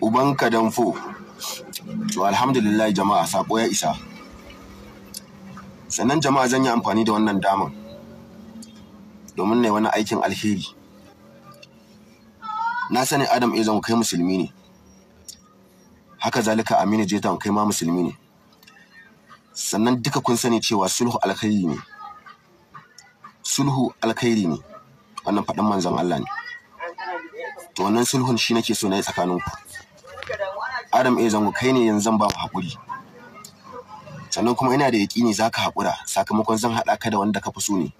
uban danfo to alhamdulillah jama'a sako ya isa sannan jama'a zan yi amfani da wannan daman domin ne wani aikin alheri na sani adam eh, zan kai musulmi ne haka zalika aminu ta kai ma musulmi ne sannan duka kun sani cewa sulhu alkhairi ne sulhu alkhairi ne wannan faɗin manzon Allah ne to wannan sulhun shi nake so na yi tsakaninku Adam A eh, zango kai ne yanzu zan ba mu haƙuri sannan kuma ina da yaƙini za ka haƙura sakamakon zan haɗa ka da wanda ka fi so ne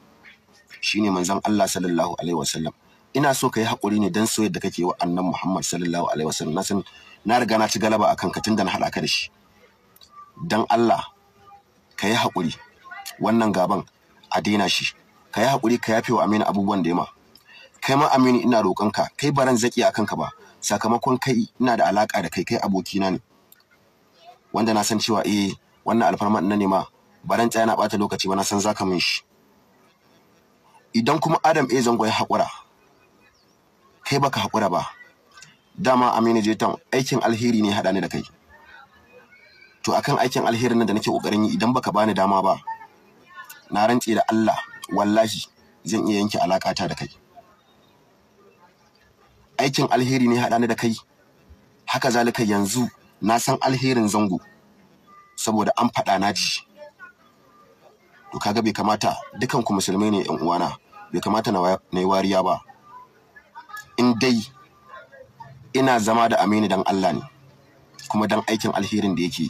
shine manzon Allah sallallahu alaihi wasallam ina so ka yi haƙuri ne don soyayya da kake wa annan Muhammad sallallahu alaihi wasallam na san na riga na ci galaba akan ka da na haɗa ka da shi don Allah ka yi haƙuri wannan gaban a daina shi ka yi haƙuri ka yafe wa Aminu abubuwan da ya ma kai ma Aminu ina roƙonka kai baran zaki akan ka ba sakamakon kai ina da alaka da kai kai abokina ne wanda na san cewa eh wannan alfarma na nema ba baran tsaya na bata lokaci ba na san zaka min shi idan kuma Adam eh zango ya hakura kai baka hakura ba dama Amina je ta aikin alheri ne hada ni da kai to akan aikin alherin nan da nake kokarin yi idan baka bani dama ba na rantse da Allah wallahi zan iya yanke alakata da kai aikin alheri ne haɗa ni da kai haka zalika yanzu na san alherin zango saboda an faɗa na ci to kaga bai kamata dukan ku musulmai ne yan uwana bai kamata na yi wariya ba in dai ina zama da aminu dan Allah ne kuma dan aikin alherin da yake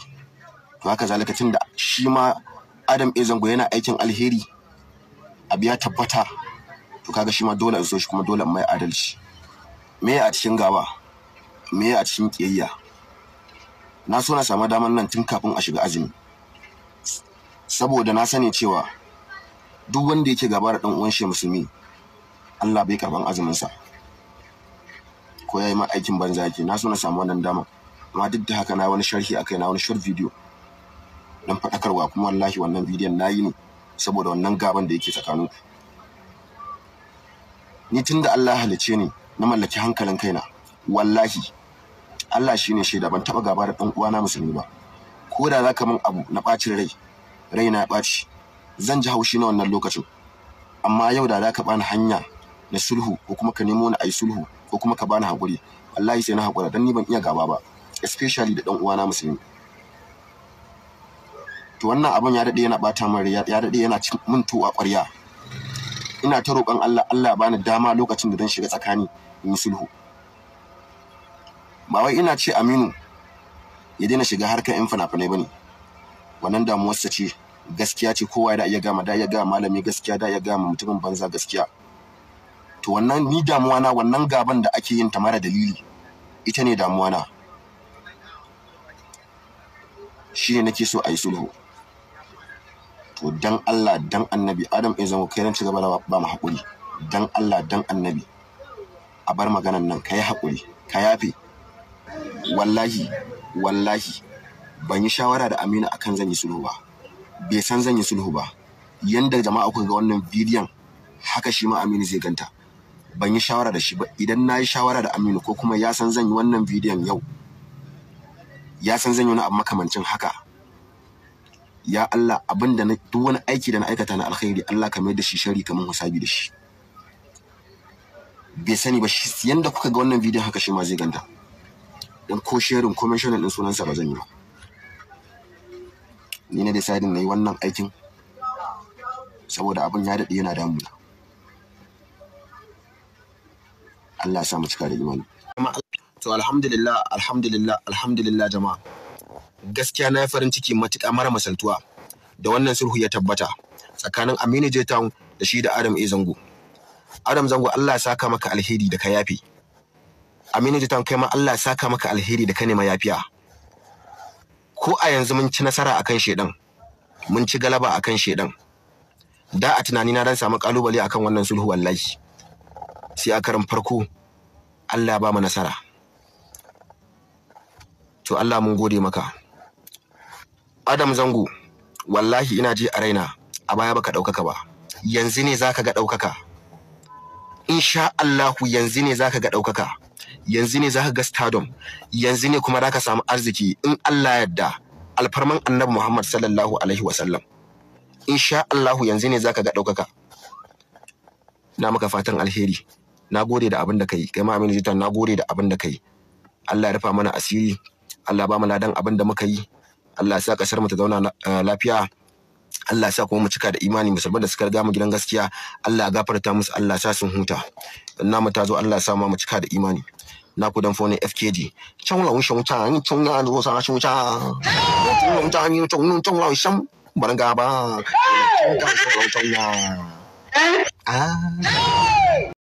to haka zalika tun da shi ma Adam e zango yana aikin alheri abu ya tabbata to kaga shi ma dole in so shi kuma dole in mai adalci me a cikin gaba me a cikin kiyayya na so na samu daman nan tun kafin a shiga azumi saboda na sani cewa duk wanda yake gaba da dan uwan shi musulmi Allah bai karban azumin sa ko yayi ma aikin banza yake na so na samu wannan dama amma duk da haka na wani sharhi akai na wani short video dan fadakarwa kuma wallahi wannan bidiyon yi ne saboda wannan gaban da yake tsakanin ni tun da Allah halice ni na mallaki hankalin kaina wallahi Allah shine shaida ban taba gaba da dan uwana musulmi ba ko da zaka min abu na bacin rai rai na baci zan ji haushi na wannan lokacin amma yau da zaka bani hanya na sulhu ko kuma ka nemo ni ayi sulhu ko kuma ka bani hakuri wallahi sai na hakura dan ni ban iya gaba ba especially da dan uwana musulmi to wannan abin ya dade yana bata min ya dade yana min tuwa ƙwarya ina ta roƙon Allah Allah ya bani dama lokacin da zan shiga tsakani in yi sulhu ba wai ina ce Aminu ya daina shiga harkar yan fina-finai bane wannan damuwarsa ce gaskiya ce kowa da iya gama da iya ga malami gaskiya da iya gama mutumin banza gaskiya to wannan ni damuwa na wannan gaban da ake yin ta mara dalili ita ne damuwa na shi nake so a yi sulhu to dan Allah dan annabi Adam ya zama kai ran ci gaba ba mu haƙuri dan Allah dan annabi a bar maganan nan kai haƙuri ka yafe wallahi wallahi ban yi shawara da Aminu akan zan yi sulhu ba bai san zan yi sulhu ba yanda jama'a kuka ga wannan bidiyon haka shi ma Aminu zai ganta ban yi shawara da shi ba idan na yi shawara da Aminu ko kuma ya san zan yi wannan bidiyon yau ya san zan yi wani abu makamancin haka ya Allah abin da duk wani aiki da na aikata na alkhairi Allah ka mai da shi shari kamar hisabi da shi bai sani ba shi yanda kuka ga wannan bidiyon haka shi ma zai ganta dan ko sharing comment channel din sunansa ba zan yi ba ni na decidin na yi wannan aikin saboda abin ya dade yana damuna Allah ya sa mu cika da imani to alhamdulillah alhamdulillah alhamdulillah jama'a gaskiya na farin ciki matuƙa mara masaltuwa da wannan sulhu ya tabbata tsakanin Aminu J da shi da Adam A Adam Zango Allah ya saka maka alheri da ka yafi. Aminu J kai ma Allah ya saka maka alheri da ka nema yafiya. Ko a yanzu mun ci nasara akan shedan. Mun ci galaba akan shedan. Da a tunani na dan samu kalubale akan wannan sulhu wallahi. Sai a karin farko Allah ya ba mu nasara. To Allah mun gode maka. Adam Zango wallahi ina ji a raina a baya baka ɗaukaka ba yanzu ne za ka ga ɗaukaka insha Allahu yanzu ne za ka ga ɗaukaka yanzu ne za ka ga stardom yanzu ne kuma ka samu arziki in Allah yadda. alfarman annabi Muhammad sallallahu alaihi wasallam insha Allahu yanzu ne za ka ga ɗaukaka na maka fatan alheri na gode da abin da kai kai ma Aminu Jitan na gode da abin da kai Allah ya rufa mana asiri Allah ba mu ladan abin da muka yi Allah sa kasar mu ta zauna lafiya Allah sa kuma mu cika da imani musulman da suka riga mu gidan gaskiya Allah gafarta musu Allah sa sun huta na ta zo Allah sa ma mu cika da imani na ku dan fone FKG can lawun shan wuta ni tun na zo sa shan wuta tun lawun ta ni tun nun tun lawun shan ga ba tun ta tun ya ah